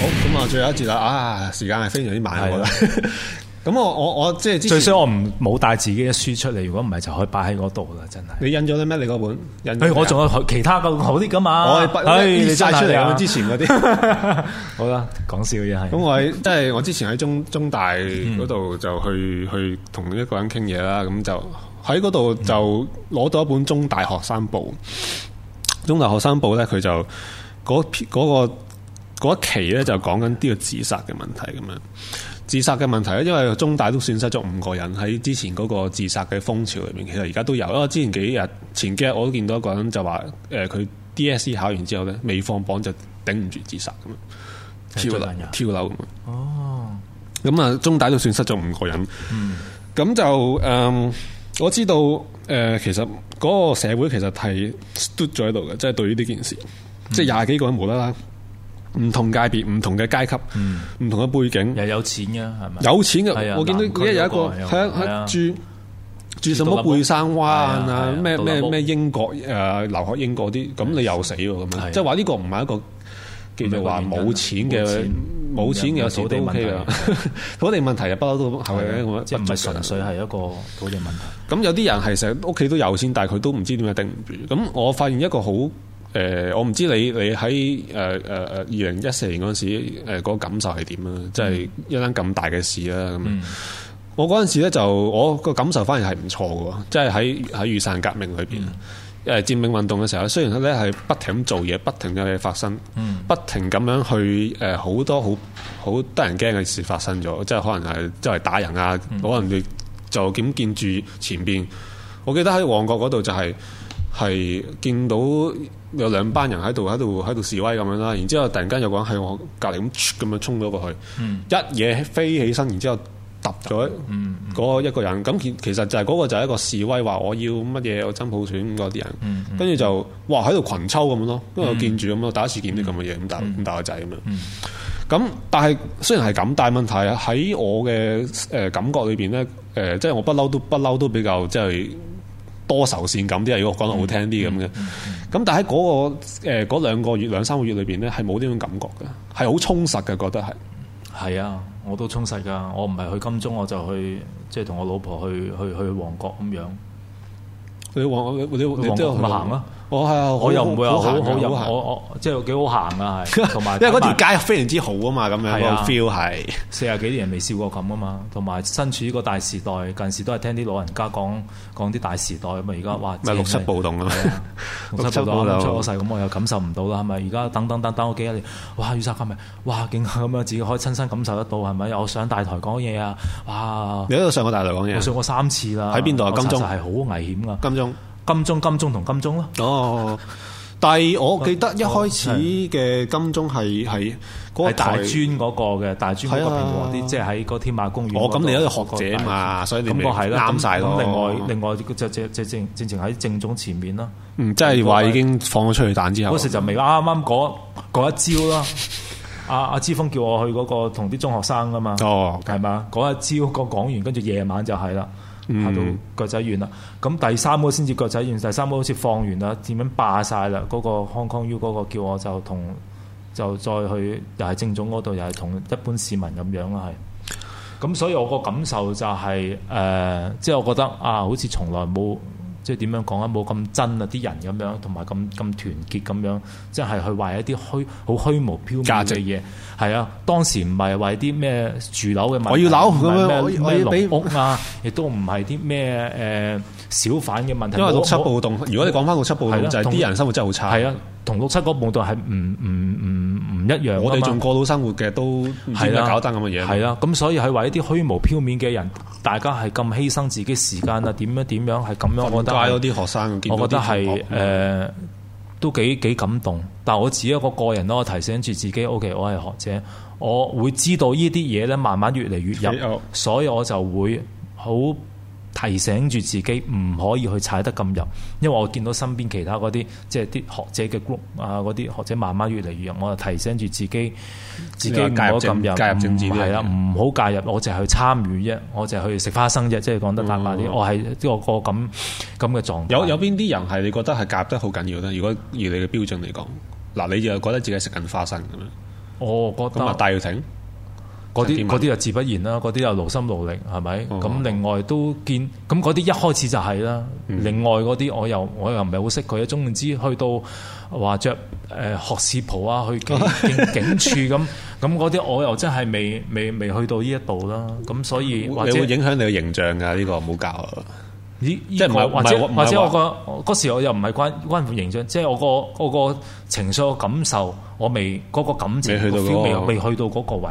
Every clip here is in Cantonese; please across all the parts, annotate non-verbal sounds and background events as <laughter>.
好，咁啊，最後一節啦，啊，時間係非常之慢我、我，我覺得咁我我我即係，最衰，我唔、冇帶自己嘅書出嚟，如果唔係就可以擺喺嗰度啦，真係。你印咗啲咩？你嗰本？哎、欸，我仲有其他個好啲噶嘛？我係印晒出嚟之前嗰啲。好啦，講笑嘢係。咁我即係我之前喺中中大嗰度就去、嗯、就去同一個人傾嘢啦，咁就喺嗰度就攞到一本中大學生報。中大學生報咧，佢就嗰嗰、嗰個。嗰個嗰一期咧就講緊呢個自殺嘅問題咁樣，自殺嘅問題咧，因為中大都損失咗五個人喺之前嗰個自殺嘅風潮入面，其實而家都有。因為之前幾日前幾日我都見到一個人就話，誒、呃、佢 DSE 考完之後咧未放榜就頂唔住自殺咁樣，跳樓跳樓咁啊。哦，咁啊，中大都損失咗五個人。咁、嗯、就嗯、呃、我知道誒、呃，其實嗰個社會其實係 d 咗喺度嘅，即、就、係、是、對於呢件事，嗯、即係廿幾個人無啦啦。唔同界別、唔同嘅階級、唔同嘅背景，又有錢嘅係咪？有錢嘅，我見到今日有一個住住什麼貝沙灣啊，咩咩咩英國誒留學英國啲，咁你又死喎咁樣，即係話呢個唔係一個叫做話冇錢嘅冇錢嘅，所以都 OK 啊。土地問題啊，不嬲都係咪？即係唔純粹係一個土地問題。咁有啲人係成日屋企都有錢，但係佢都唔知點解定唔住。咁我發現一個好。誒、呃，我唔知你你喺誒誒誒二零一四年嗰時誒嗰、呃那個，感受係點啊？即係、嗯、一單咁大嘅事啦。咁、嗯、我嗰陣時咧就我個感受反而係唔錯嘅，即係喺喺雨傘革命裏邊誒，佔領運動嘅時候咧，雖然咧係不停做嘢，不停有嘢發生，嗯、不停咁樣去誒，好、呃、多好好得人驚嘅事發生咗，即、就、係、是、可能係周圍打人啊，可能你就咁見住前邊。我記得喺旺角嗰度就係、是。就是係見到有兩班人喺度喺度喺度示威咁樣啦，然之後突然間有個人喺我隔籬咁咁樣衝咗過去，一嘢飛起身，然之後揼咗嗰一個人。咁其其實就係嗰個就係一個示威，話我要乜嘢我真普選嗰啲人。跟住就哇喺度群抽咁樣咯，因為我見住咁，我第一次見到咁嘅嘢咁大咁大個仔咁樣。咁但係雖然係咁，大問題喺我嘅誒感覺裏邊咧，誒即係我不嬲都不嬲都比較即係。多愁善感啲，如果講得好聽啲咁嘅，咁、嗯嗯嗯、但喺嗰、嗰個誒嗰、呃、兩個月兩三個月裏邊咧，係冇呢種感覺嘅，係好充實嘅，覺得係。係啊，我都充實噶，我唔係去金鐘，我就去即係同我老婆去去去旺角咁樣。你旺，你角你你哋行啊？我係啊！我又唔會話好好又我我即係幾好行啊，係同埋因為嗰條街非常之好啊嘛，咁樣個 feel 係四十幾年未試過咁啊嘛，同埋身處呢個大時代，近時都係聽啲老人家講講啲大時代咁啊，而家話六七暴動啊，六七暴動咁出咗世，咁我又感受唔到啦，係咪？而家等等等等我幾多年，哇！雨傘革命，哇！勁啊！咁樣自己可以親身感受得到係咪？我上大台講嘢啊！哇！你喺度上過大台講嘢？我上過三次啦！喺邊度啊？金鐘係好危險噶。金鐘金鐘、金鐘同金鐘咯。哦，但係我記得一開始嘅金鐘係係係大專嗰個嘅大專嗰邊啲，即係喺個天馬公園。哦，咁你喺度學者嘛，所以你咪啱曬。咁另外另外，正正正正正正喺正中前面咯。即係話已經放咗出去彈之後，嗰時就未啱啱嗰一招咯。阿阿之鋒叫我去嗰個同啲中學生噶嘛？哦，係嘛？嗰一招個講完，跟住夜晚就係啦。去、嗯、到腳仔軟啦，咁第三個先至腳仔軟，第三個好似放完啦，點樣霸晒啦？嗰、那個 Hong Kong U 嗰個叫我就同就再去又係政總嗰度，又係同一般市民咁樣咯，係。咁所以我個感受就係、是、誒、呃，即係我覺得啊，好似從來冇。即係點樣講啊？冇咁真啊！啲人咁樣，同埋咁咁團結咁樣，即係去為一啲虛好虛無縹緲嘅嘢。係啊，當時唔係為啲咩住樓嘅問題，我要樓，咩農屋啊，亦都唔係啲咩誒小販嘅問題。因為六七暴動，如果你講返六七暴動，就係啲人生活真係好差。係啊。同六七嗰半度係唔唔唔唔一樣，我哋仲過到生活嘅都、啊，係啦樣，搞得咁嘅嘢，係啦。咁所以係話一啲虛無縹緲嘅人，大家係咁犧牲自己時間啊，點樣點樣係咁樣？樣樣我覺得分啲學生，我覺得係誒、嗯呃、都幾幾感動。但我自己一個個人咯，我提醒住自己，OK，我係學者，我會知道呢啲嘢咧，慢慢越嚟越入，哎、呀所以我就會好。提醒住自己唔可以去踩得咁入，因為我見到身邊其他嗰啲即係啲學者嘅 group 啊，嗰啲學者慢慢來越嚟越入，我就提醒住自己，自己唔好咁入，唔係啦，唔好無無介入，我淨係去參與啫、嗯，我淨係去食花生啫，即係講得白話啲，我係呢個個咁咁嘅狀態。有有邊啲人係你覺得係介入得好緊要咧？如果以你嘅標準嚟講，嗱，你就覺得自己係食緊花生咁樣？我覺得戴耀廷。嗰啲嗰啲就自不然啦，嗰啲又勞心勞力，係咪？咁另外都見咁嗰啲一開始就係啦。另外嗰啲我又我又唔係好識佢，總之去到話着誒學士袍啊，去警警署咁咁嗰啲，我又真係未未未去到呢一步啦。咁所以或者會影響你嘅形象㗎？呢個唔好教啦。即係唔係唔係唔係？我個嗰時我又唔係關關乎形象，即係我個我個情緒嘅感受，我未嗰個感情未去到嗰個位。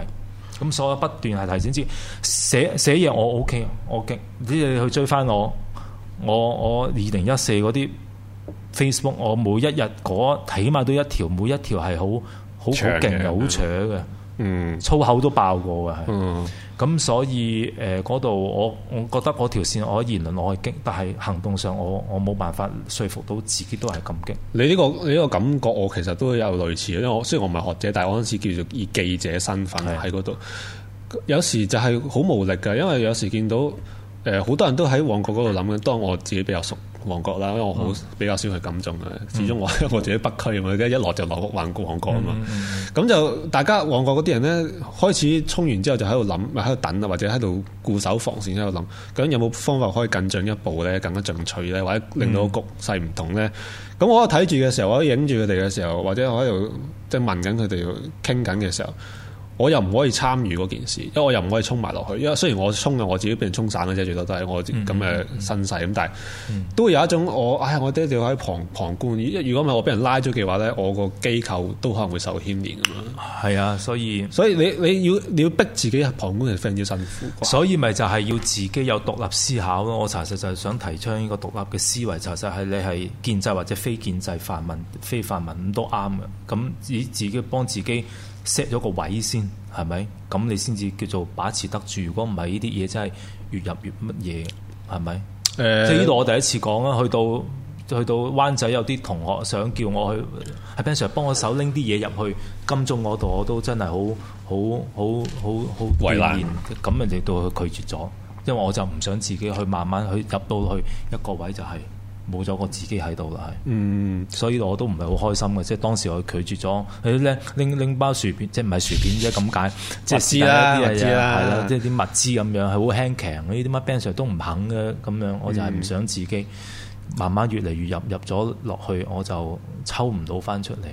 咁所以不斷係提醒自己寫寫嘢我 OK，我勁、OK，你哋去追翻我，我我二零一四嗰啲 Facebook，我每一日嗰、那個、起碼都一條，每一條係好好好勁，好扯嘅。嗯，粗口都爆過嘅，係。咁、嗯、所以誒，嗰、呃、度我我覺得嗰條線，我言論我係激，但係行動上我我冇辦法說服到自己都係咁激。你呢、這個你呢、這個感覺，我其實都有類似，因為雖然我唔係學者，但係我嗰陣時叫做以記者身份喺嗰度，是的 有時就係好無力嘅，因為有時見到誒好、呃、多人都喺旺角嗰度諗緊，是的 當我自己比較熟。旺角啦，因為我好比較少去金鐘嘅，嗯、始終我因為我自己北區，我而家一來就落屋玩個旺角啊嘛。咁就、嗯嗯嗯、大家旺角嗰啲人咧，開始衝完之後就喺度諗，喺度等啊，或者喺度固守防線喺度諗。究竟有冇方法可以更進一步咧，更加進取咧，或者令到個局勢唔同咧？咁、嗯、我喺度睇住嘅時候，我喺影住佢哋嘅時候，或者我喺度即係問緊佢哋傾緊嘅時候。我又唔可以參與嗰件事，因為我又唔可以衝埋落去。因為雖然我衝嘅，我自己俾人衝散嘅啫，最多都係我咁嘅身世咁。但係都有一種我，唉，我爹哋喺旁旁觀。如果唔係我俾人拉咗嘅話咧，我個機構都可能會受牽連㗎嘛。係啊，所以所以你你要你要逼自己係旁觀，係非常之辛苦。所以咪就係要自己有獨立思考咯。我查實就係想提倡呢個獨立嘅思維。查實係你係建制或者非建制泛民、非泛民都啱嘅。咁自己幫自己。set 咗個位先係咪？咁你先至叫做把持得住。如果唔係呢啲嘢，真係越入越乜嘢係咪？誒，呃、即係呢度我第一次講啦。去到去到灣仔有啲同學想叫我去，係 Ben Sir 幫我手拎啲嘢入去金鐘嗰度，我都真係好好好好好艱難咁，人哋都拒絕咗，因為我就唔想自己去慢慢去入到去一個位就係、是。冇咗我自己喺度啦，係，嗯，所以我都唔係好開心嘅，即係當時我拒絕咗，拎拎拎包薯片，即係唔係薯片啫，咁解，即係知啦，係係啦，即係啲物資咁、 <laughs> 啊啊、樣，係好、嗯啊就是、輕強，呢啲乜 Ben Sir 都唔肯嘅，咁樣，我就係唔想自己慢慢越嚟越入入咗落去，我就抽唔到翻出嚟。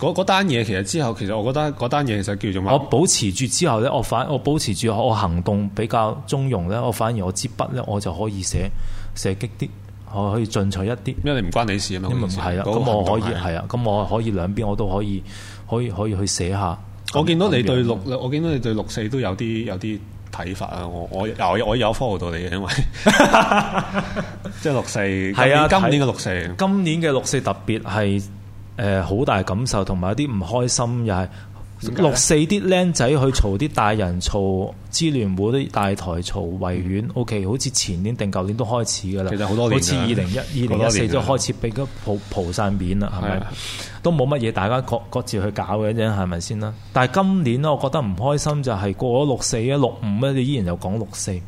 嗰單嘢其實之後，其實我覺得嗰單嘢就叫做我保持住之後咧，我反我保持住我行動比較中庸咧，我反而我支筆咧，我就可以寫寫，寫激啲。我可以進取一啲，因為你唔關你事啊嘛，係啦是，咁我可以係啦，咁、啊、我可以兩邊我都可以，可以可以去寫下。我見到你對六，樣我見到你對六四都有啲有啲睇法啊！我我我有，有 follow 到你，因為即係六四係啊，今年嘅六四，今年嘅、啊、六,六四特別係誒好大感受，同埋一啲唔開心又係。六四啲僆仔去嘈啲大人嘈支聯會啲大台嘈維園，O K，好似前年定舊年都開始噶啦，其實好多20 1, 好多好似二零一二零一四都開始俾佢蒲蒲晒面啦，係咪？是啊、都冇乜嘢，大家各各自去搞嘅啫，係咪先啦？但係今年咧，我覺得唔開心就係過咗六四咧，六五咧，你依然又講六四，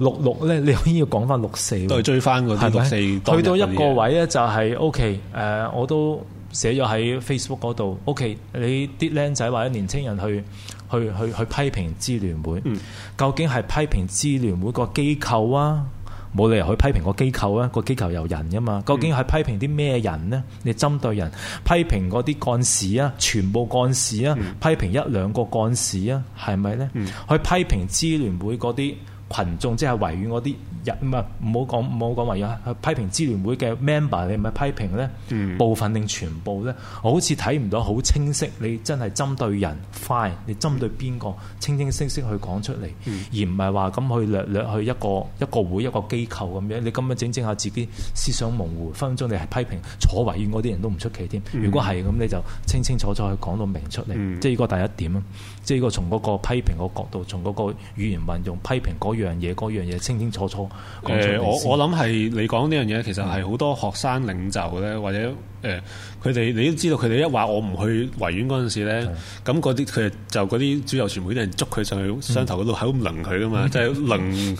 六六咧，你可要講翻六四，都係追翻嗰啲，六四去到一個位咧、就是，就係 O K，誒，我都。寫咗喺 Facebook 嗰度，OK？你啲僆仔或者年青人去去去去，去批評支聯會，嗯、究竟係批評支聯會機、啊、個機構啊？冇理由去批評個機構啊，個機構由人噶嘛？究竟係批評啲咩人呢？你針對人批評嗰啲幹事啊，全部幹事啊，批評一兩個幹事啊，係咪呢？嗯、去批評支聯會嗰啲群眾，即係維園嗰啲。唔啊，唔好講唔好講話要批評支聯會嘅 member，你唔係批評咧？嗯、部分定全部咧？我好似睇唔到好清晰，你真係針對人快，Fine, 你針對邊個？嗯、清清晰晰去講出嚟，嗯、而唔係話咁去略略去一個一個會一個機構咁樣。你咁樣整整下自己思想模糊，分分鐘你係批評坐委員嗰啲人都唔出奇添。嗯、如果係咁，你就清清楚楚去講到明出嚟，嗯、即係呢個第一點啊！即係呢個從嗰個批評個角度，從嗰個語言運用批評嗰樣嘢，嗰樣嘢清清楚楚。誒、呃，我我諗係你講呢樣嘢，其實係好多學生領袖咧，或者誒，佢、呃、哋你都知道，佢哋一話我唔去維園嗰陣時咧，咁嗰啲佢就嗰啲主流傳媒啲人捉佢上去雙頭嗰度，喺度撚佢噶嘛，即係撚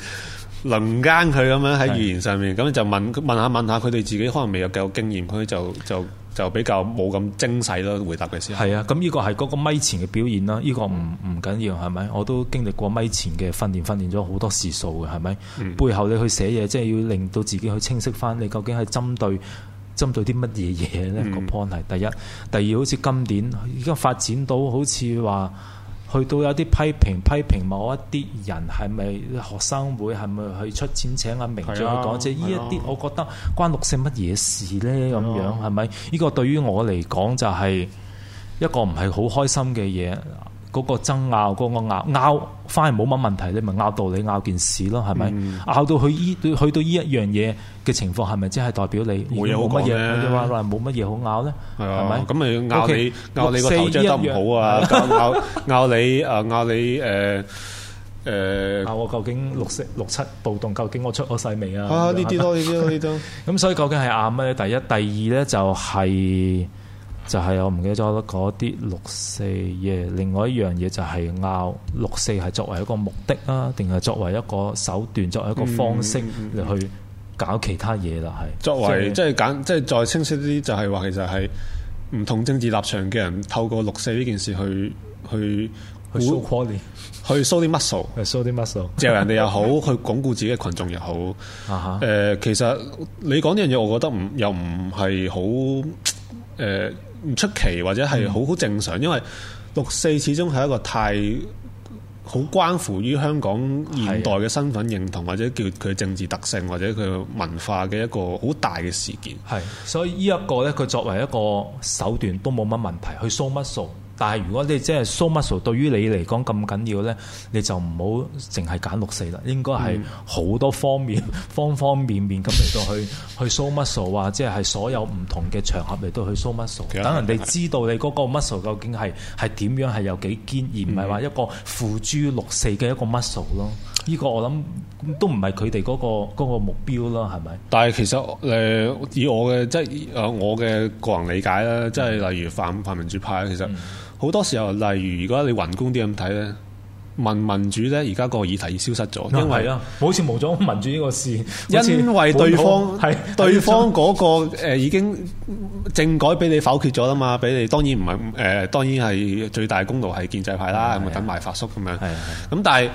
撚奸佢咁樣，喺語言上面，咁是的 就問問下問下，佢哋自己可能未有夠經驗，佢就就。就就就比較冇咁精細咯，回答佢先。係啊，咁呢個係嗰個咪前嘅表現啦，呢、呢個唔唔緊要係咪？我都經歷過咪前嘅訓練，訓練咗好多時數嘅係咪？嗯、背後你去寫嘢，即係要令到自己去清晰翻，你究竟係針對針對啲乜嘢嘢呢、嗯、個 point 係第一，第二好似今年已經發展到好似話。去到有啲批評，批評某一啲人係咪學生會係咪去出錢請阿、啊、明將去講？即係呢一啲，我覺得關六四乜嘢事咧？咁樣係咪？呢、呢個對於我嚟講就係一個唔係好開心嘅嘢，嗰、嗰個爭拗，嗰、嗰個拗拗。翻嚟冇乜問題，你咪拗道理拗件事咯，係咪？拗到去依去到呢一樣嘢嘅情況，係咪即係代表你冇乜嘢？你話係冇乜嘢好拗咧？係啊，咁咪拗你拗你個頭，即係得唔好啊？拗拗你誒拗你誒誒，我究竟六六七暴動，究竟我出咗世未啊？啊，呢啲咯，呢啲呢啲都咁，所以究竟係拗咩？第一，第二咧就係。就係我唔記得咗嗰啲六四嘢，64, yeah. 另外一樣嘢就係拗六四係作為一個目的啊，定係作為一個手段，作為一個方式嚟去搞其他嘢啦。係作為即係、就是、簡即係、就是、再清晰啲，就係、是、話其實係唔同政治立場嘅人透過六四呢件事去去去去 show body，show muscle，召人哋又好，去鞏固自己嘅群眾又好。啊哈、uh huh. 呃！其實你講呢樣嘢，我覺得唔又唔係好誒。呃嗯唔出奇或者係好好正常，因為六四始終係一個太好關乎於香港現代嘅身份認同，或者叫佢政治特性，或者佢文化嘅一個好大嘅事件。係，所以呢一個呢，佢作為一個手段都冇乜問題，去數乜數。但係如果你即係 show muscle 對於你嚟講咁緊要咧，你就唔好淨係揀六四啦，應該係好多方面方方面面咁嚟到去 <laughs> 去 show muscle 啊！即係係所有唔同嘅場合嚟到去 muscle, show muscle，等人哋知道你嗰個 muscle 究竟係係點樣係有幾堅，嗯、而唔係話一個附著六四嘅一個 muscle 咯。呢、這個我諗都唔係佢哋嗰個目標啦，係咪？但係其實誒，以我嘅即係誒，就是、我嘅個人理解啦，即、就、係、是、例如泛泛民主派其實。嗯好多時候，例如如果你宏觀啲咁睇咧，民民主咧，而家個議題已消失咗，因為啊，好似冇咗民主呢個事，因為對方係 <laughs> 對方嗰個誒，已經政改俾你否決咗啦嘛，俾你當然唔係誒，當然係、呃、最大功勞係建制派啦，有冇的等埋發叔咁樣，咁但係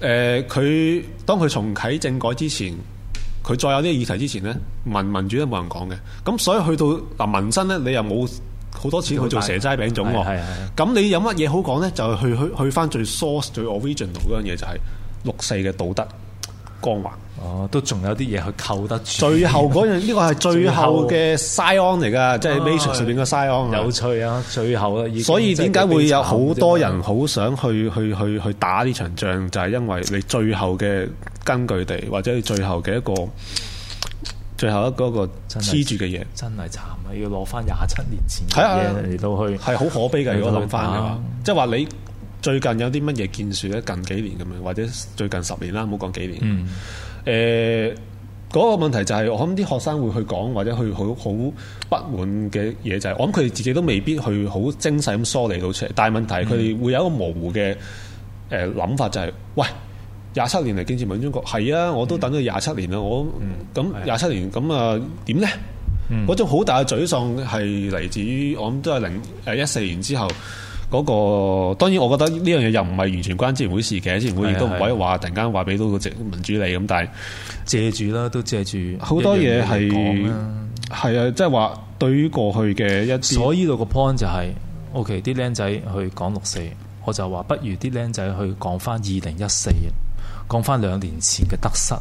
誒，佢、呃、當佢重啟政改之前，佢再有啲議題之前咧，民民主都冇人講嘅，咁所以去到嗱民生咧，你又冇。好多錢去做蛇齋餅種喎、哦，咁你有乜嘢好講咧？就係去去去翻最 source 最 original 嗰樣嘢，就係六四嘅道德光環。哦，都仲有啲嘢去扣得住。最後嗰樣呢個係、這個、最後嘅 Zion 嚟㗎，即係 matrix 上面嘅 Zion。有趣啊！最後啊，所以點解會有好多人好想去去去去，去打呢場仗？就係、是、因為你最後嘅根據地，或者你最後嘅一個。最後一個黐住嘅嘢，真係慘啊！要攞翻廿七年前嘅嘢嚟到去，係好可悲嘅，如果諗翻啊！即係話你最近有啲乜嘢建樹咧？近幾年咁樣，或者最近十年啦，唔好講幾年。誒、嗯，嗰、呃嗰個問題就係、是、我諗啲學生會去講，或者去好好不滿嘅嘢就係、是，我諗佢哋自己都未必去好精細咁梳理到出嚟。但係問題佢哋會有一個模糊嘅誒諗法、就是，就係喂。廿七年嚟建設民主中國係啊，我都等咗廿七年啦。我咁廿七年咁啊，點咧？嗰種好大嘅沮喪係嚟自於我諗都係零誒一四年之後嗰、那個。當然，我覺得呢樣嘢又唔係完全關支聯會事嘅。支聯會亦都唔可以話突然間話俾到個民主嚟咁，但係借住啦，都借住好多嘢係係啊，即係話對於過去嘅一，所以到個 point 就係 OK 啲僆仔去講六四，我就話不如啲僆仔去講返二零一四年。講翻兩年前嘅得失，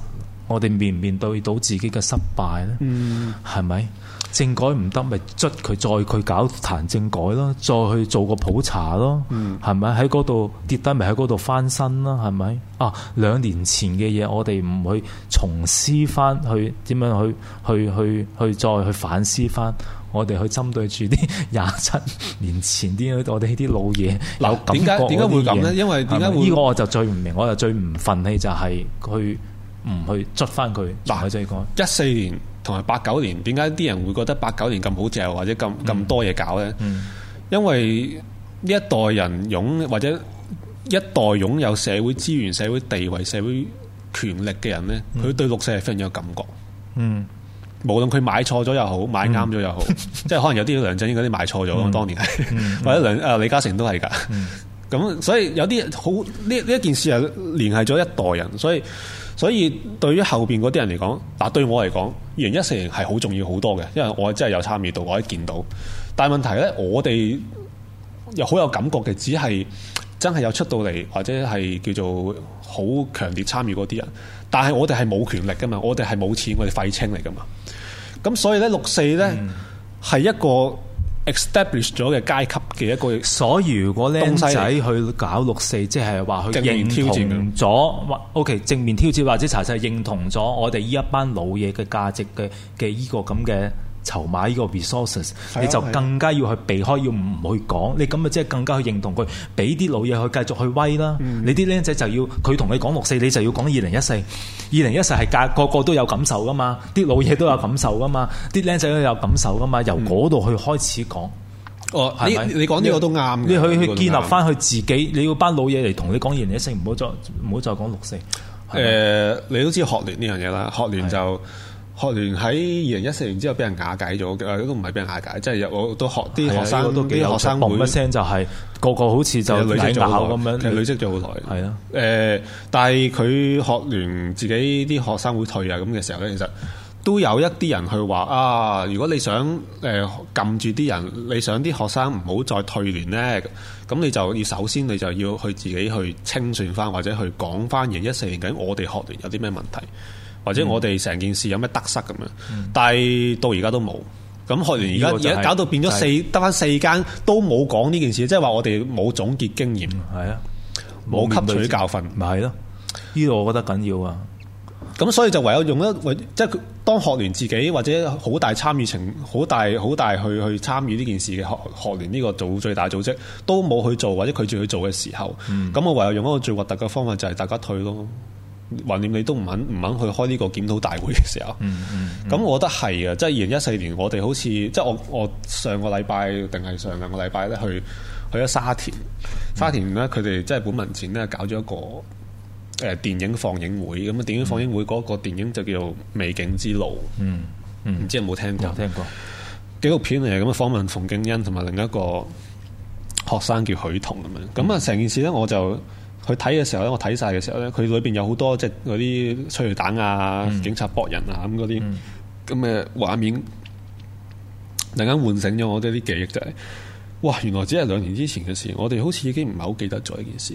我哋面唔面對到自己嘅失敗咧？係咪、嗯、政改唔得，咪捽佢再去搞談政改咯，再去做個普查咯？係咪喺嗰度跌低，咪喺嗰度翻身啦？係咪啊？兩年前嘅嘢，我哋唔會重思翻，去點樣去去去去再去反思翻。我哋去針對住啲廿七年前啲我哋啲老嘢，有感覺嘅嘢。點解？點解會咁呢？因為點解會呢個我就最唔明，我就最唔忿氣就係佢唔去捽翻佢。嗱，一四年同埋八九年，點解啲人會覺得八九年咁好著，或者咁咁多嘢搞呢？嗯嗯、因為呢一代人擁或者一代擁有社會資源、社會地位、社會權力嘅人咧，佢對六四係非常有感覺。嗯。嗯。無論佢買錯咗又好，買啱咗又好，嗯、即係可能有啲梁振英嗰啲買錯咗，嗯、當年係、嗯、 <laughs> 或者梁誒李嘉誠都係噶，咁、嗯、所以有啲好呢呢一件事係聯繫咗一代人，所以所以對於後邊嗰啲人嚟講，嗱對我嚟講，二零一四年係好重要好多嘅，因為我真係有參與到，我一見到，但係問題呢，我哋又好有感覺嘅，只係真係有出到嚟，或者係叫做好強烈參與嗰啲人。但係我哋係冇權力㗎嘛，我哋係冇錢，我哋廢青嚟㗎嘛。咁所以呢，六四呢係一個 establish 咗嘅階級嘅一個，所以如果僆仔去搞六四，即係話佢認同咗，OK 正面挑戰或者查實認同咗我哋呢一班老嘢嘅價值嘅嘅呢個咁嘅。籌碼呢個 resources，你就更加要去避開，要唔去講。你咁咪即係更加去認同佢，俾啲老嘢去繼續去威啦。你啲僆仔就要佢同你講六四，你就要講二零一四。二零一四係個個都有感受噶嘛，啲老嘢都有感受噶嘛，啲僆仔都有感受噶嘛。由嗰度去開始講。哦，你你講呢個都啱，你去去建立翻佢自己。你要班老嘢嚟同你講二零一四，唔好再唔好再講六四。誒，你都知學聯呢樣嘢啦，學聯就。學聯喺二零一四年之後俾人瓦解咗嘅，誒都唔係俾人瓦解，即係我都學啲的學生，啲學生會嘣一聲就係、是、個個好似就累積咗咁樣，其實累積咗好耐。係啊的，誒、呃，但係佢學聯自己啲學生會退啊咁嘅時候咧，的其實都有一啲人去話啊，如果你想誒撳、呃、住啲人，你想啲學生唔好再退聯咧，咁你，你就要首先你就要去自己去清算翻，或者去講翻二零一四年緊我哋學聯有啲咩問題。或者我哋成件事有咩得失咁樣，嗯、但係到而家都冇。咁學聯而家而家搞到變咗四，得翻、即係即係、四間都冇講呢件事，即係話我哋冇總結經驗，係、嗯、啊，冇吸取教訓，咪係咯？呢度我覺得緊要啊。咁所以就唯有用一即係、即係、當學聯自己或者好大參與情，好大好大去去參與呢件事嘅學學聯呢個組最大組織，都冇去做或者拒絕去做嘅時候，咁、嗯、我唯有用一個最核突嘅方法就係大家退咯。懷念你都唔肯唔肯去開呢個檢討大會嘅時候，咁、嗯嗯、我覺得係啊，即係二零一四年我哋好似即係我我上個禮拜定係上兩個禮拜咧去去咗沙田，嗯、沙田咧佢哋即係本民前咧搞咗一個誒、呃、電影放映會，咁啊、嗯、電影放映會嗰個電影就叫做《美景之路》，嗯，唔、嗯、知有冇聽過？聽過，紀錄片嚟嘅，咁啊訪問馮敬恩同埋另一個學生叫許彤咁樣，咁啊成件事咧我就。佢睇嘅時候咧，我睇晒嘅時候咧，佢裏邊有好多即係嗰啲催淚彈啊、嗯、警察搏人啊咁嗰啲咁嘅畫面，突然間喚醒咗我哋啲記憶就係、是，哇！原來只係兩年之前嘅事，我哋好似已經唔係好記得咗呢件事。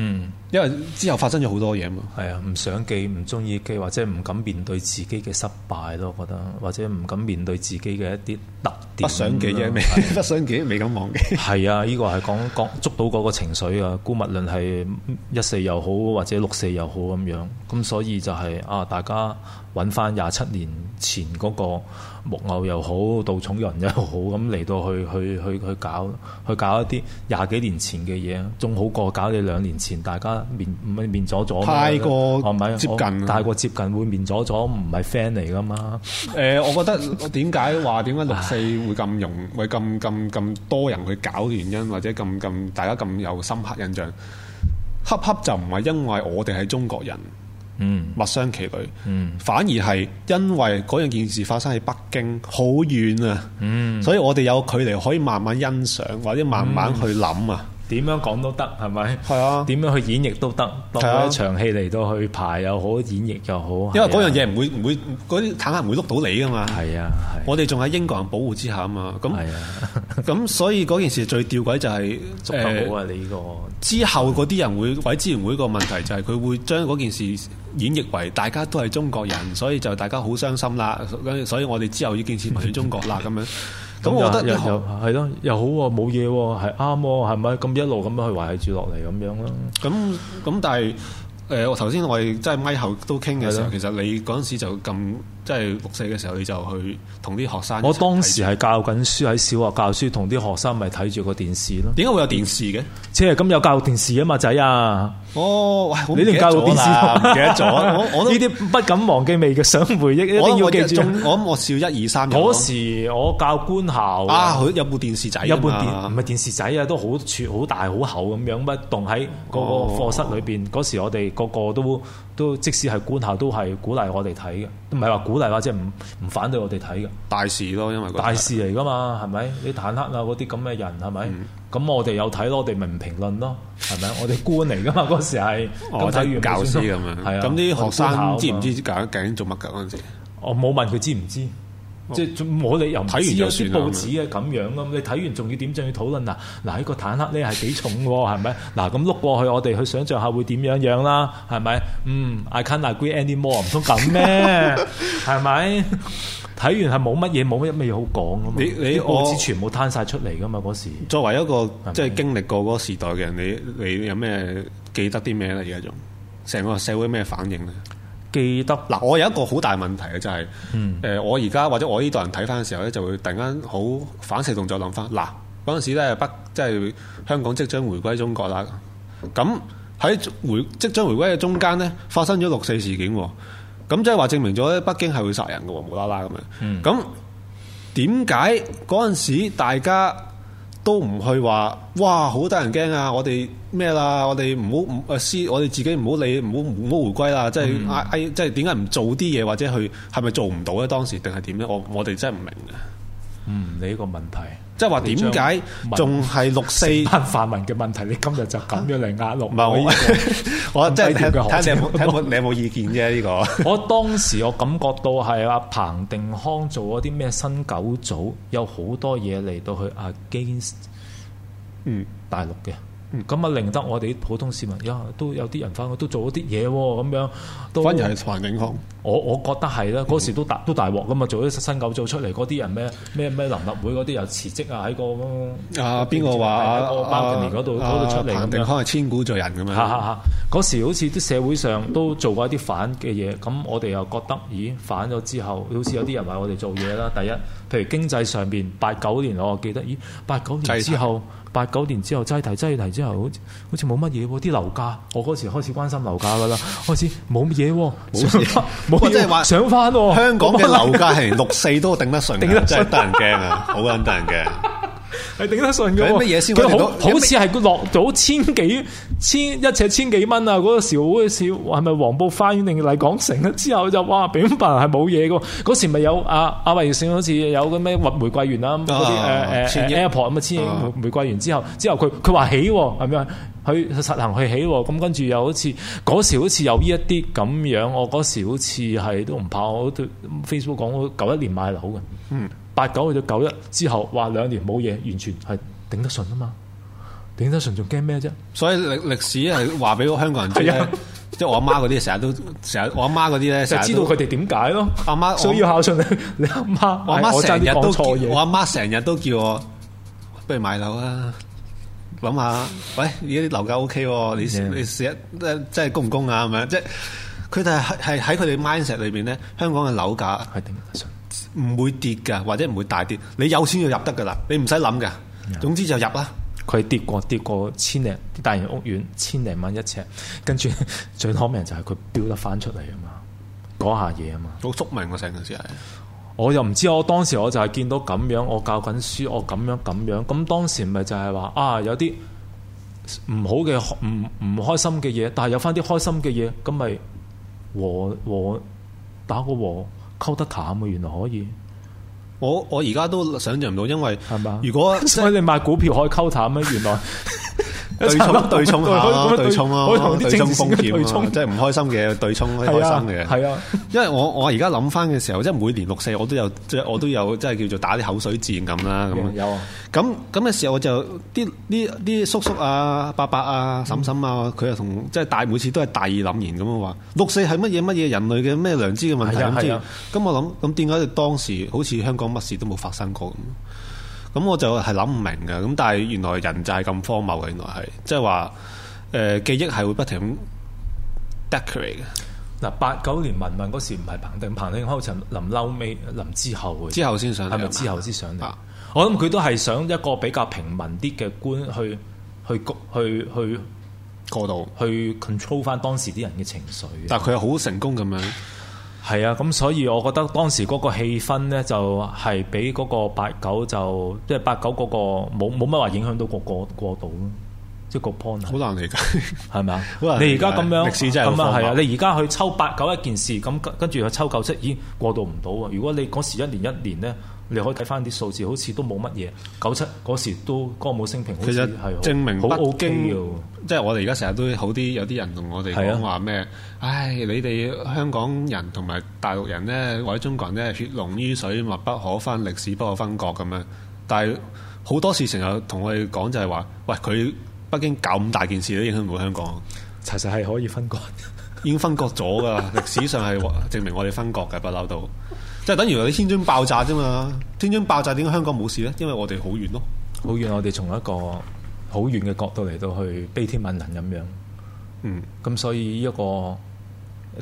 嗯，因為之後發生咗好多嘢嘛，係啊，唔想記，唔中意記，或者唔敢面對自己嘅失敗咯，我覺得或者唔敢面對自己嘅一啲特點不想記嘅嘢，啊、不想記，未敢忘記。係啊，呢個係講講捉到嗰個情緒啊。姑勿論係一四又好，或者六四又好咁樣，咁所以就係啊，大家揾翻廿七年前嗰個。木偶又好，稻草人又好，咁嚟到去去去去搞，去搞一啲廿幾年前嘅嘢，仲好過搞你兩年前大家面唔係面阻阻，太過接近？哦、太過接近會面阻阻，唔係 friend 嚟噶嘛？誒、呃，我覺得點解話點解六四會咁容，唉會咁咁咁多人去搞原因，或者咁咁大家咁有深刻印象，恰恰就唔係因為我哋係中國人。嗯，物傷其類，嗯，反而係因為嗰樣件事發生喺北京，好遠啊，嗯，所以我哋有距離可以慢慢欣賞，或者慢慢去諗啊。點樣講都得，係咪？係是啊。點樣去演繹都得，當一場戲嚟到去排又好，演繹又好。因為嗰樣嘢唔會唔是、啊、會嗰啲坦克唔會碌到你㗎嘛。係啊。啊、我哋仲喺英國人保護之下啊嘛。係是啊。咁所以嗰件事最吊詭就係足夠好啊！你呢個之後嗰啲人會鬼支援會個問題就係佢會將嗰件事演繹為大家都係中國人，所以就大家好傷心啦。所以我哋之後要建設民主中國啦，咁樣。咁、嗯、我覺得又係咯你好，又好喎、啊，冇嘢喎，係啱喎，係咪咁一路咁樣去維係住落嚟咁樣咯、啊？咁咁但係誒，呃、我頭先我哋真係咪後都傾嘅時候，是的 其實你嗰陣時就咁。即係六四嘅時候，你就去同啲學生。我當時係教緊書，喺小學教書，同啲學生咪睇住個電視咯。點解會有電視嘅？即係咁有教育電視啊嘛，仔啊！哦，你連教育電視都唔記得咗？我呢啲不敢忘記未嘅，想回憶 <laughs> 我想我一定要記住。我我，我，我笑一二三嗰時我教官校啊，有部電視仔，有一部電唔係電視仔啊，都好厚好大好厚咁樣，乜動喺個課室裏邊。嗰、哦、時我哋個個都。都即使係官校都係鼓，鼓勵我哋睇嘅，唔係話鼓勵或者唔唔反對我哋睇嘅大事咯，因為大事嚟噶嘛，係咪？你坦克啊，嗰啲咁嘅人係咪？咁、嗯嗯、我哋有睇咯，我哋評評論咯，係咪？我哋官嚟噶嘛，嗰時係教師咁樣，係啊，咁啲學生知唔知搞緊做乜㗎嗰陣時？我冇問佢知唔知。即係我你又唔睇知啊，書報紙啊咁樣咯，你睇完仲要點進去討論啊嗱？呢個坦克咧係幾重喎？係咪？ <laughs> 嗱咁碌過去，我哋去想像下會點樣樣啦？係咪？嗯，I can't agree any more，唔通咁咩？係咪 <laughs> 嗎？睇 <laughs> 完係冇乜嘢，冇乜嘢好講咁。你你報紙我全部攤晒出嚟㗎嘛？嗰時作為一個嗎即係經歷過嗰個時代嘅人，你你，你有咩記得啲咩咧？而家仲成個社會咩反應咧？記得嗱，我有一個好大問題嘅就係、是，誒、呃、我而家或者我呢代人睇翻嘅時候咧，就會突然間好反射動作諗翻嗱，嗰陣、那個、時咧，北即係香港即將回歸中國啦，咁喺回即將回歸嘅中間咧，發生咗六四事件，咁即係話證明咗咧，北京係會殺人嘅喎，無啦啦咁樣，咁點解嗰陣時大家？都唔去話，哇！好得人驚啊！我哋咩啦？我哋唔好唔誒，私我哋自己唔好理，唔好唔好回歸啦！即係嗌即係點解唔做啲嘢，或者去係咪做唔到咧？當時定係點咧？我我哋真係唔明嘅。嗯，你呢個問題，即係話點解仲係六四泛民嘅問題？你今日就咁樣嚟壓落？唔係我，我即係睇睇者，睇冇看看你有冇意見啫？呢、 <laughs> 呢個 <laughs> 我當時我感覺到係阿彭定康做嗰啲咩新九組，有好多嘢嚟到去 against 嗯大陸嘅。咁啊，嗯、令得我哋普通市民，呀都有啲人翻去都做咗啲嘢喎，咁樣都反而係彭定康。我我覺得係啦，嗰時都大、嗯、都大鑊咁啊，做咗新舊造出嚟嗰啲人咩咩咩林立會嗰啲又辭職啊喺個啊邊個話啊八九年嗰度度出嚟咁樣，彭定康係千古罪人咁樣。嗰、啊啊啊、時好似啲社會上都做過一啲反嘅嘢，咁我哋又覺得，咦反咗之後，好似有啲人話我哋做嘢啦。第一，譬如經濟上邊，八九年我記得，咦八,九年，八九年之後。八九年之後擠提，擠提之後，好似好似冇乜嘢喎，啲樓價我嗰時開始關心樓價噶啦，開始冇乜嘢喎，冇乜嘢冇乜嘢，即係話想翻喎。香港嘅樓價係六四都頂得順，真係得人驚啊，好鬼 <laughs> 得順 人驚、啊。 <laughs> 係頂得順嘅，佢好好似係落到千幾千一尺千幾蚊啊！嗰個時嗰個時係咪黃埔花園定麗港城、啊、之後就哇，炳白係冇嘢嘅，嗰時咪有阿阿衛奕信好似有個咩玫瑰園啦、啊，嗰啲誒誒 Apple 咁啊，千,千億玫瑰園之後之後佢佢話起係咪啊？佢實行去起咁、啊，跟住又好似嗰時好似有呢一啲咁樣，我嗰時好似係都唔怕，我對 Facebook 講，我九一年買樓嘅，嗯。八九去到九一之後，話兩年冇嘢，完全係頂得順啊嘛，頂得順仲驚咩啫？所以歷歷史係話俾個香港人聽，即係、 <laughs> 就是、我阿媽嗰啲成日都成日，我阿媽嗰啲咧，就 <laughs> 知道佢哋點解咯。阿媽媽所以要孝順，你阿媽媽、哎，我真係講錯嘢。我阿媽成日都叫我，不如買樓啊，諗下，喂，而家啲樓價 OK，你你成日即係供唔供啊？咁樣，即係佢哋係喺佢哋 mindset 裏邊咧，香港嘅樓價係頂得順。唔會跌噶，或者唔會大跌。你有錢要入得噶啦，你唔使諗噶。總之就入啦。佢跌過跌過千零，啲大型屋苑千零蚊一尺，跟住最聰明就係佢飆得翻出嚟啊嘛，嗰下嘢啊嘛。好宿命啊，成件事係。我又唔知，我當時我就係見到咁樣，我教緊書，我咁樣咁樣。咁當時咪就係話啊，有啲唔好嘅，唔唔開心嘅嘢，但係有翻啲開心嘅嘢，咁咪和和打個和。溝得淡啊！原來可以，我我而家都想像唔到，因為係嘛？吧如果喂你買股票可以溝淡咩？啊，原來。 <laughs> 對沖對沖啊，對沖啊，對沖風險啊，即係唔開心嘅對沖，開心嘅。係啊，因為我我而家諗翻嘅時候，即係每年六四我，我都有即係我都有即係叫做打啲口水戰咁啦，咁有、啊。咁咁嘅時候，我就啲啲啲叔叔啊、伯伯啊、嬸嬸啊，佢又同即係大，每次都係大義凜然咁樣話，六四係乜嘢乜嘢人類嘅咩良知嘅問題咁、啊啊、我諗，咁點解當時好似香港乜事都冇發生過？咁我就係諗唔明嘅，咁但係原來人就係咁荒謬嘅，原來係即係話，誒、呃、記憶係會不停咁 decorate 嘅。嗱，八九年文運嗰時唔係彭定彭定康陳林嬲尾林之後，之後之後先上嚟，係咪之後先上嚟？我諗佢都係想一個比較平民啲嘅官去去過去去過度去 control 翻當時啲人嘅情緒。但係佢係好成功咁樣。係啊，咁所以我覺得當時嗰個氣氛呢，就係俾嗰個八九就即係八九嗰個冇冇乜話影響到個過過渡咯，即係個 point。好難理解，係咪啊？你而家咁樣咁樣，係啊！你而家去抽八九一件事，咁跟住去抽九七，已經過渡唔到啊！如果你嗰時一年一年呢。你可以睇翻啲數字，好似都冇乜嘢。九七嗰時都歌舞升平，其實係證明好傲、OK、經。即係我哋而家成日都好啲，有啲人同我哋講話咩？啊、唉，你哋香港人同埋大陸人呢，或者中國人呢，血濃於水，密不可分，歷史不可分割咁樣。但係好多事情又同我哋講就係話：「喂，佢北京搞咁大件事都影響唔到香港。其實係可以分割，已經分割咗㗎。 <laughs> 歷史上係證明我哋分割嘅不嬲都。即係等於你天津爆炸啫嘛，天津爆炸點解香港冇事咧？因為我哋好遠咯，好遠，遠我哋從一個好遠嘅角度嚟到去悲天憫人咁樣。嗯，咁所以一個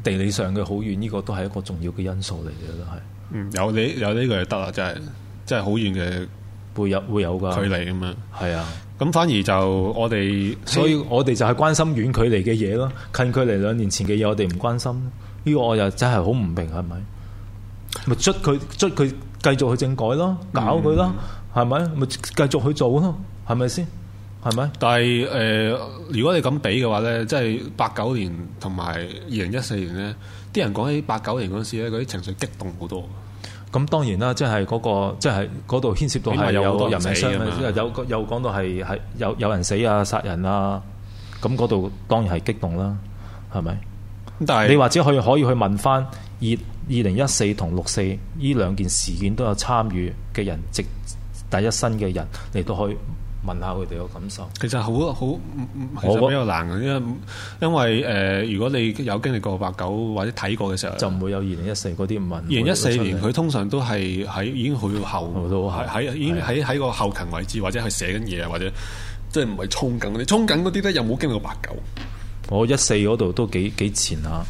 地理上嘅好遠，呢個都係一個重要嘅因素嚟嘅都係。嗯，有你有呢個就得啊，真係真係好遠嘅會有會有噶距離咁樣。係啊，咁反而就我哋，的所以我哋就係關心遠距離嘅嘢咯，近距離兩年前嘅嘢我哋唔關心。呢個我又真係好唔明，係咪？咪捽佢捽佢，繼續去政改咯，搞佢咯，係咪、嗯？咪繼續去做咯，係咪先？係咪？但係誒、呃，如果你咁比嘅話咧，即係八九年同埋二零一四年咧，啲人講起八九年嗰陣時咧，嗰啲情緒激動好多、嗯。咁當然啦，即係嗰個，即係嗰度牽涉到係有人命傷，有好多人死啊，有有講到係係有有人死啊、殺人啊，咁嗰度當然係激動啦，係咪？但係是你或者可以可以去問翻熱。二零一四同六四呢兩件事件都有參與嘅人，直第一身嘅人你都可以問下佢哋嘅感受。其實好好，其實比較難嘅，因為因為誒，如果你有經歷過八九或者睇過嘅時候，就唔會有二零一四嗰啲。唔問，二零一四年佢通常都係喺已經去後，喺喺喺喺個後勤位置，或者係寫緊嘢，或者即係唔係衝緊嗰啲，衝緊嗰啲咧又冇經歷過八九。我一四嗰度都幾幾前啊！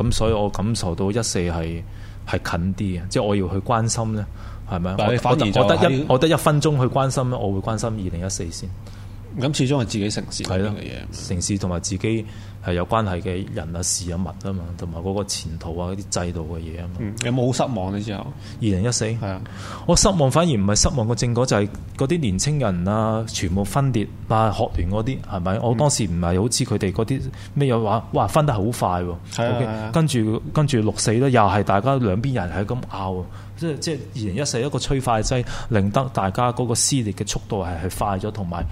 咁所以我感受到一四係係近啲嘅，即係我要去關心咧，係咪啊？我反而我得一我得一分鐘去關心咧，我會關心二零一四先。咁始終係自己城市嘅嘢，城市同埋自己。係有關係嘅人啊、事啊、物啊嘛，同埋嗰個前途啊、嗰啲制度嘅嘢啊嘛。有冇好失望呢？之後。二零一四。係啊。我失望反而唔係失望個結果，就係嗰啲年青人啊，全部分裂啊，學聯嗰啲係咪？我當時唔係好似佢哋嗰啲咩嘢話，哇分得好快喎。係啊。跟住跟住六四咧，又係大家兩邊人係咁拗啊！即係即係二零一四一個催化劑，令得大家嗰個撕裂嘅速度係係快咗，同埋。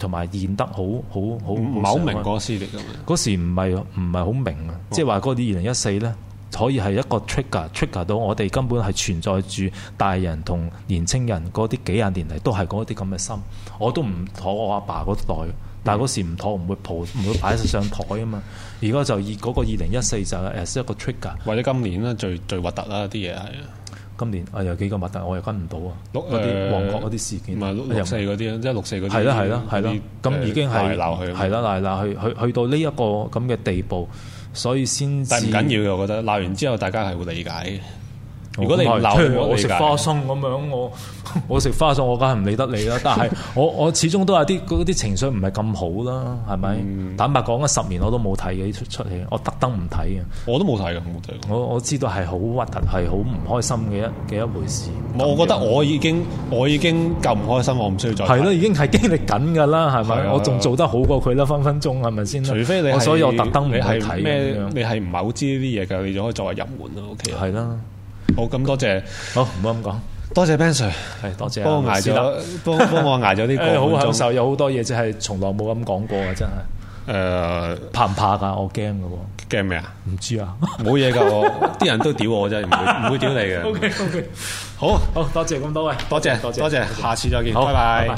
同埋演得好好好，唔唔好明嗰時嘅咩？嗰時唔係唔係好明啊！即係話嗰啲二零一四咧，可以係一個 trigger trigger 到我哋根本係存在住大人同年青人嗰啲幾廿年嚟都係嗰啲咁嘅心，我都唔妥我阿爸嗰代，但係嗰時唔妥唔會蒲唔會擺上台啊嘛。而家就以嗰個二零一四就誒一個 trigger 為咗今年咧最最核突啊啲嘢係。今年啊有幾個密特我又跟唔到啊，嗰啲旺角嗰啲事件，唔係六四嗰啲，即係六四嗰啲，係啦係啦係啦，咁已經係鬧去，係啦鬧鬧去去去到呢一個咁嘅地步，所以先。但係唔緊要嘅，我覺得鬧完之後，大家係會理解嘅。如果你唔鬧我，我食花生咁樣，我我食花生，我梗係唔理得你啦。但係我我始終都有啲啲情緒唔係咁好啦，係咪？坦白講，咁十年我都冇睇嘅出出戲，我特登唔睇嘅。我都冇睇嘅，冇睇。我我知道係好核突，係好唔開心嘅一嘅一回事。我覺得我已經我已經夠唔開心，我唔需要再係咯。已經係經歷緊噶啦，係咪？我仲做得好過佢啦，分分鐘係咪先？除非你係，所以我特登你係睇咩？你係唔係好知呢啲嘢嘅？你就可以作為入門啦。O K，係啦。好，咁多謝，好唔好咁講？多謝 Ben Sir，係多謝幫我挨咗，幫幫我挨咗啲，好享受，有好多嘢即係從來冇咁講過啊！真係，誒，怕唔怕噶？我驚噶，驚咩啊？唔知啊，冇嘢噶，我啲人都屌我啫，唔會唔會屌你嘅。OK OK，好好多謝咁多位，多謝多謝，下次再見，拜拜。